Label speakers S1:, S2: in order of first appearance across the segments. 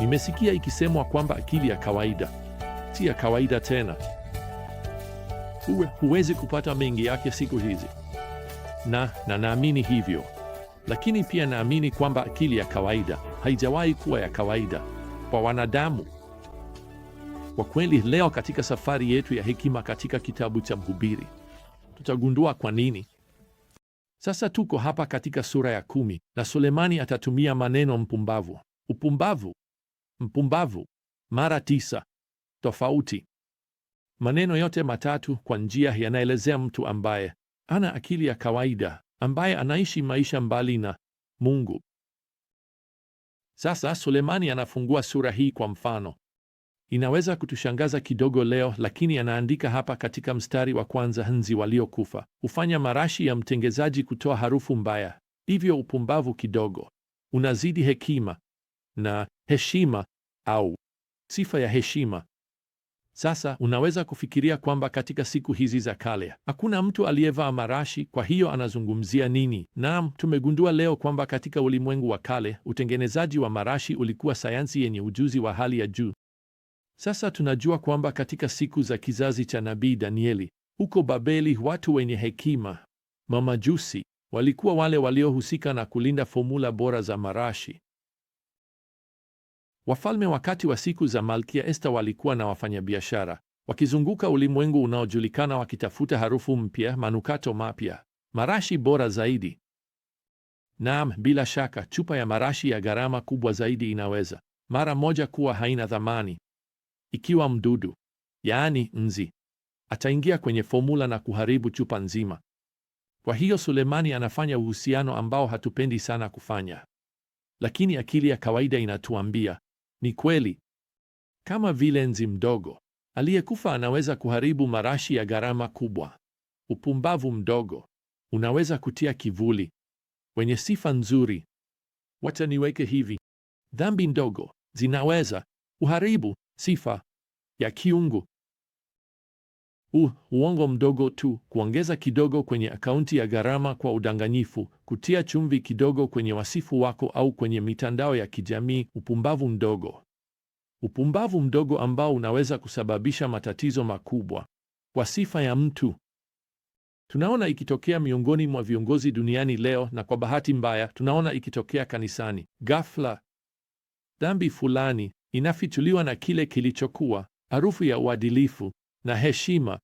S1: Nimesikia ikisemwa kwamba akili ya kawaida si ya kawaida tena. Uwe huwezi kupata mengi yake siku hizi, na na naamini hivyo, lakini pia naamini kwamba akili ya kawaida haijawahi kuwa ya kawaida kwa wanadamu. Kwa kweli, leo katika safari yetu ya hekima katika kitabu cha Mhubiri tutagundua kwa nini. Sasa tuko hapa katika sura ya kumi, na Sulemani atatumia maneno mpumbavu, upumbavu mpumbavu, mara tisa tofauti. Maneno yote matatu kwa njia yanaelezea mtu ambaye ana akili ya kawaida, ambaye anaishi maisha mbali na Mungu. Sasa Sulemani anafungua sura hii kwa mfano. Inaweza kutushangaza kidogo leo, lakini anaandika hapa katika mstari wa kwanza, nzi waliokufa hufanya marashi ya mtengezaji kutoa harufu mbaya, hivyo upumbavu kidogo unazidi hekima na heshima au sifa ya heshima. Sasa unaweza kufikiria kwamba katika siku hizi za kale hakuna mtu aliyevaa marashi. Kwa hiyo anazungumzia nini? Naam, tumegundua leo kwamba katika ulimwengu wa kale utengenezaji wa marashi ulikuwa sayansi yenye ujuzi wa hali ya juu. Sasa tunajua kwamba katika siku za kizazi cha nabii Danieli huko Babeli, watu wenye hekima mamajusi walikuwa wale waliohusika na kulinda fomula bora za marashi. Wafalme wakati wa siku za Malkia Esta walikuwa na wafanyabiashara wakizunguka ulimwengu unaojulikana wakitafuta harufu mpya, manukato mapya, marashi bora zaidi. Naam, bila shaka, chupa ya marashi ya gharama kubwa zaidi inaweza mara moja kuwa haina thamani ikiwa mdudu, yaani nzi, ataingia kwenye fomula na kuharibu chupa nzima. Kwa hiyo Sulemani anafanya uhusiano ambao hatupendi sana kufanya, lakini akili ya kawaida inatuambia ni kweli, kama vile nzi mdogo aliyekufa anaweza kuharibu marashi ya gharama kubwa, upumbavu mdogo unaweza kutia kivuli wenye sifa nzuri. Wacha niweke hivi, dhambi ndogo zinaweza kuharibu sifa ya kiungu u uongo mdogo tu, kuongeza kidogo kwenye akaunti ya gharama kwa udanganyifu, kutia chumvi kidogo kwenye wasifu wako au kwenye mitandao ya kijamii, upumbavu mdogo, upumbavu mdogo ambao unaweza kusababisha matatizo makubwa kwa sifa ya mtu. Tunaona ikitokea miongoni mwa viongozi duniani leo, na kwa bahati mbaya tunaona ikitokea kanisani. Ghafla dhambi fulani inafichuliwa na kile kilichokuwa harufu ya uadilifu na heshima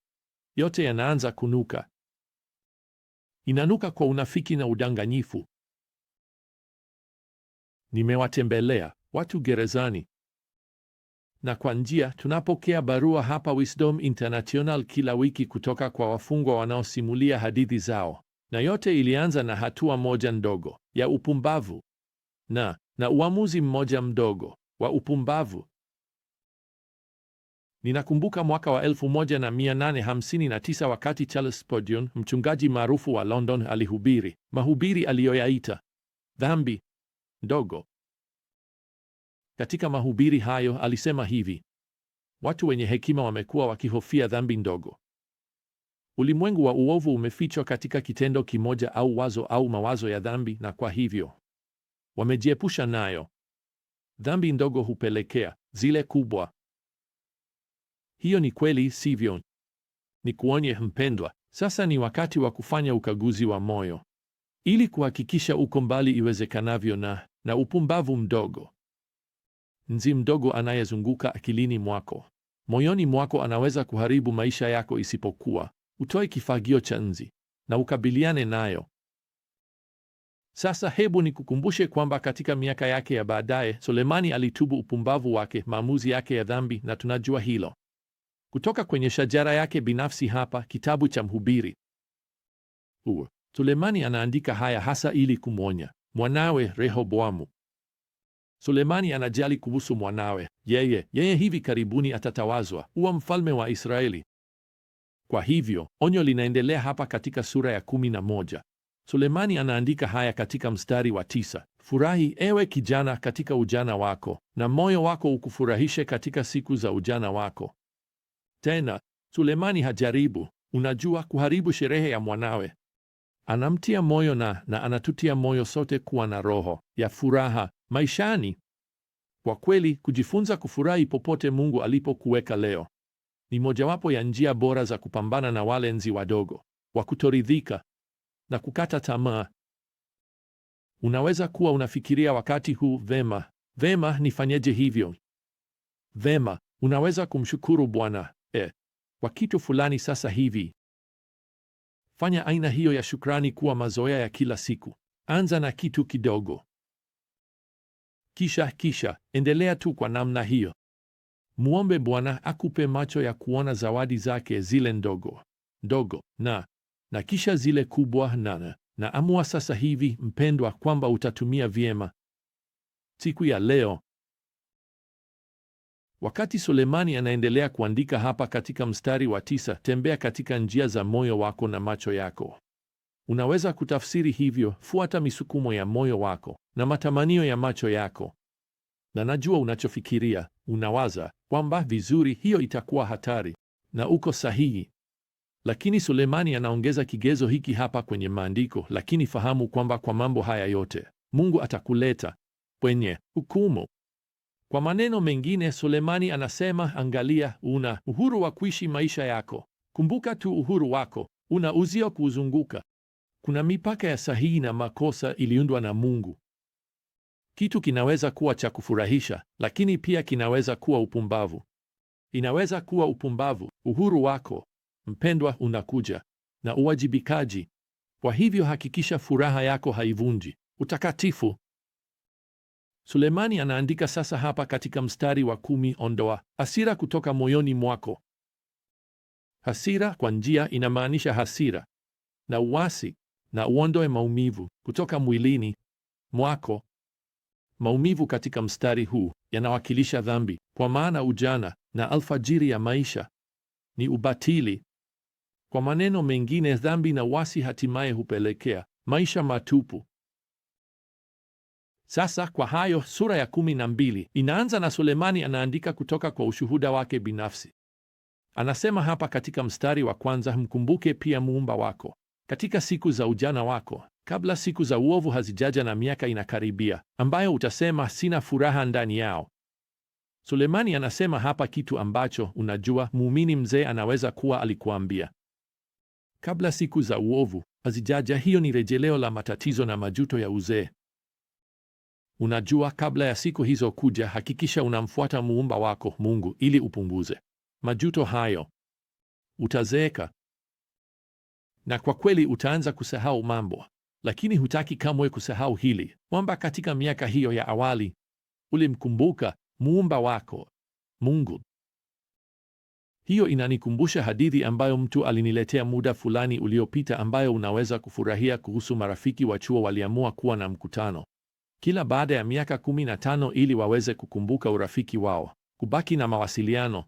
S1: yote yanaanza kunuka, inanuka kwa unafiki na udanganyifu. Nimewatembelea watu gerezani na kwa njia, tunapokea barua hapa Wisdom International kila wiki kutoka kwa wafungwa wanaosimulia hadithi zao, na yote ilianza na hatua moja ndogo ya upumbavu na na uamuzi mmoja mdogo wa upumbavu. Ninakumbuka mwaka wa 1859 wakati Charles Spurgeon, mchungaji maarufu wa London, alihubiri mahubiri aliyoyaita dhambi ndogo. Katika mahubiri hayo alisema hivi: watu wenye hekima wamekuwa wakihofia dhambi ndogo. Ulimwengu wa uovu umefichwa katika kitendo kimoja au wazo au mawazo ya dhambi, na kwa hivyo wamejiepusha nayo. Dhambi ndogo hupelekea zile kubwa. Hiyo ni kweli, sivyo? Nikuonye mpendwa, sasa ni wakati wa kufanya ukaguzi wa moyo ili kuhakikisha uko mbali iwezekanavyo na na upumbavu mdogo, nzi mdogo anayezunguka akilini mwako, moyoni mwako. Anaweza kuharibu maisha yako isipokuwa utoe kifagio cha nzi na ukabiliane nayo. Sasa hebu nikukumbushe kwamba katika miaka yake ya baadaye Sulemani alitubu upumbavu wake, maamuzi yake ya dhambi, na tunajua hilo. Kutoka kwenye shajara yake binafsi hapa kitabu cha Mhubiri huo, Sulemani anaandika haya hasa ili kumwonya mwanawe Rehoboamu. Sulemani anajali kuhusu mwanawe yeye yeye hivi karibuni atatawazwa uwa mfalme wa Israeli. Kwa hivyo onyo linaendelea hapa katika sura ya kumi na moja. Sulemani anaandika haya katika mstari wa tisa: furahi ewe kijana katika ujana wako, na moyo wako ukufurahishe katika siku za ujana wako, tena Sulemani hajaribu, unajua, kuharibu sherehe ya mwanawe. Anamtia moyo na na anatutia moyo sote kuwa na roho ya furaha maishani. Kwa kweli, kujifunza kufurahi popote Mungu alipokuweka leo ni mojawapo ya njia bora za kupambana na wale nzi wadogo wa kutoridhika na kukata tamaa. Unaweza kuwa unafikiria wakati huu, vema, vema, nifanyeje hivyo? Vema, unaweza kumshukuru Bwana e, kwa kitu fulani sasa hivi. Fanya aina hiyo ya shukrani kuwa mazoea ya kila siku. Anza na kitu kidogo, kisha kisha endelea tu kwa namna hiyo. Muombe Bwana akupe macho ya kuona zawadi zake zile ndogo ndogo na na kisha zile kubwa, nana na amua sasa hivi, mpendwa, kwamba utatumia vyema siku ya leo. Wakati Sulemani anaendelea kuandika hapa katika mstari wa tisa, tembea katika njia za moyo wako na macho yako. Unaweza kutafsiri hivyo, fuata misukumo ya moyo wako na matamanio ya macho yako. Na najua unachofikiria, unawaza kwamba vizuri, hiyo itakuwa hatari, na uko sahihi. Lakini Sulemani anaongeza kigezo hiki hapa kwenye maandiko, lakini fahamu kwamba kwa mambo haya yote Mungu atakuleta kwenye hukumu. Kwa maneno mengine, Sulemani anasema, angalia, una uhuru wa kuishi maisha yako. Kumbuka tu uhuru wako, una uzio kuuzunguka. Kuna mipaka ya sahihi na makosa iliundwa na Mungu. Kitu kinaweza kuwa cha kufurahisha, lakini pia kinaweza kuwa upumbavu. Inaweza kuwa upumbavu. Uhuru wako mpendwa unakuja na uwajibikaji. Kwa hivyo hakikisha furaha yako haivunji utakatifu Sulemani anaandika sasa hapa katika mstari wa kumi, ondoa hasira kutoka moyoni mwako. Hasira kwa njia inamaanisha hasira na uasi, na uondoe maumivu kutoka mwilini mwako. Maumivu katika mstari huu yanawakilisha dhambi, kwa maana ujana na alfajiri ya maisha ni ubatili. Kwa maneno mengine, dhambi na uasi hatimaye hupelekea maisha matupu sasa kwa hayo, sura ya kumi na mbili inaanza na Sulemani anaandika kutoka kwa ushuhuda wake binafsi. Anasema hapa katika mstari wa kwanza, mkumbuke pia muumba wako katika siku za ujana wako, kabla siku za uovu hazijaja na miaka inakaribia, ambayo utasema sina furaha ndani yao. Sulemani anasema hapa kitu ambacho, unajua, muumini mzee anaweza kuwa alikuambia kabla siku za uovu hazijaja. Hiyo ni rejeleo la matatizo na majuto ya uzee. Unajua, kabla ya siku hizo kuja, hakikisha unamfuata muumba wako Mungu ili upunguze majuto hayo. Utazeeka na kwa kweli utaanza kusahau mambo, lakini hutaki kamwe kusahau hili kwamba katika miaka hiyo ya awali ulimkumbuka muumba wako Mungu. Hiyo inanikumbusha hadithi ambayo mtu aliniletea muda fulani uliopita, ambayo unaweza kufurahia, kuhusu marafiki wa chuo waliamua kuwa na mkutano kila baada ya miaka 15 ili waweze kukumbuka urafiki wao, kubaki na mawasiliano.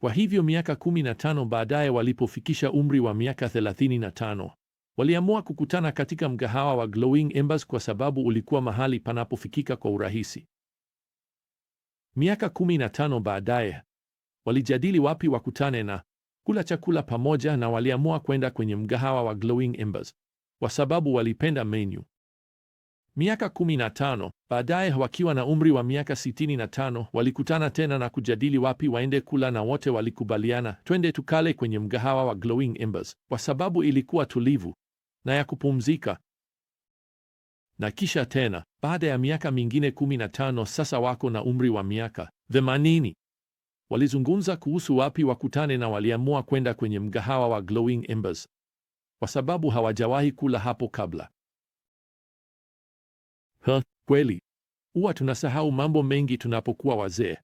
S1: Kwa hivyo miaka 15 baadaye, walipofikisha umri wa miaka 35, waliamua kukutana katika mgahawa wa Glowing Embers kwa sababu ulikuwa mahali panapofikika kwa urahisi. Miaka 15 baadaye, walijadili wapi wakutane na kula chakula pamoja, na waliamua kwenda kwenye mgahawa wa Glowing Embers kwa sababu walipenda menu Miaka 15 baadaye, wakiwa na umri wa miaka 65, walikutana tena na kujadili wapi waende kula, na wote walikubaliana, twende tukale kwenye mgahawa wa Glowing Embers kwa sababu ilikuwa tulivu na ya kupumzika. Na kisha tena baada ya miaka mingine 15, sasa wako na umri wa miaka 80, walizungumza kuhusu wapi wakutane na waliamua kwenda kwenye mgahawa wa Glowing Embers kwa sababu hawajawahi kula hapo kabla. Ha, kweli huwa tunasahau mambo mengi tunapokuwa wazee.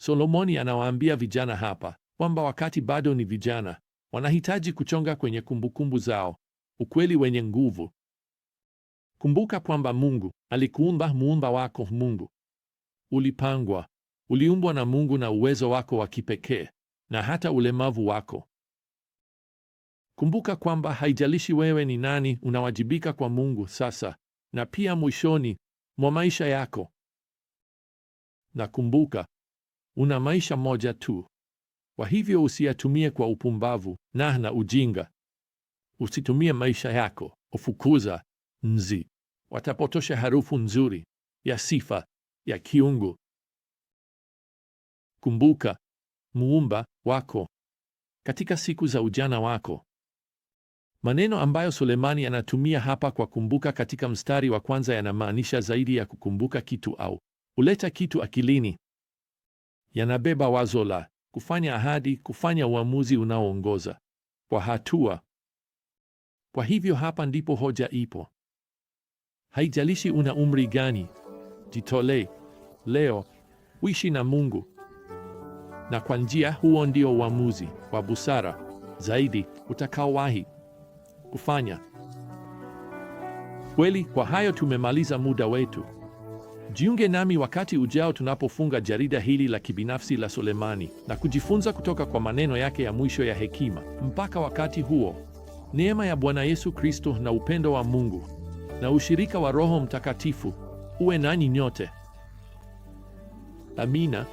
S1: Solomoni anawaambia vijana hapa kwamba wakati bado ni vijana, wanahitaji kuchonga kwenye kumbukumbu zao ukweli wenye nguvu. Kumbuka kwamba Mungu alikuumba, muumba wako Mungu. Ulipangwa, uliumbwa na Mungu na uwezo wako wa kipekee na hata ulemavu wako. Kumbuka kwamba haijalishi wewe ni nani, unawajibika kwa Mungu sasa na pia mwishoni mwa maisha yako. Na kumbuka, una maisha moja tu, kwa hivyo usiyatumie kwa upumbavu na na ujinga. Usitumie maisha yako ufukuza nzi watapotosha harufu nzuri ya sifa ya kiungu. Kumbuka muumba wako katika siku za ujana wako. Maneno ambayo Sulemani anatumia hapa kwa kumbuka katika mstari wa kwanza yanamaanisha zaidi ya kukumbuka kitu au kuleta kitu akilini. Yanabeba wazo la kufanya ahadi, kufanya uamuzi unaoongoza kwa hatua. Kwa hivyo hapa ndipo hoja ipo. Haijalishi una umri gani, jitolee leo, uishi na Mungu, na kwa njia, huo ndio uamuzi wa busara zaidi utakaowahi kufanya. Kweli, kwa hayo tumemaliza muda wetu. Jiunge nami wakati ujao tunapofunga jarida hili la kibinafsi la Sulemani na kujifunza kutoka kwa maneno yake ya mwisho ya hekima. Mpaka wakati huo, neema ya Bwana Yesu Kristo na upendo wa Mungu na ushirika wa Roho Mtakatifu uwe nanyi nyote. Amina.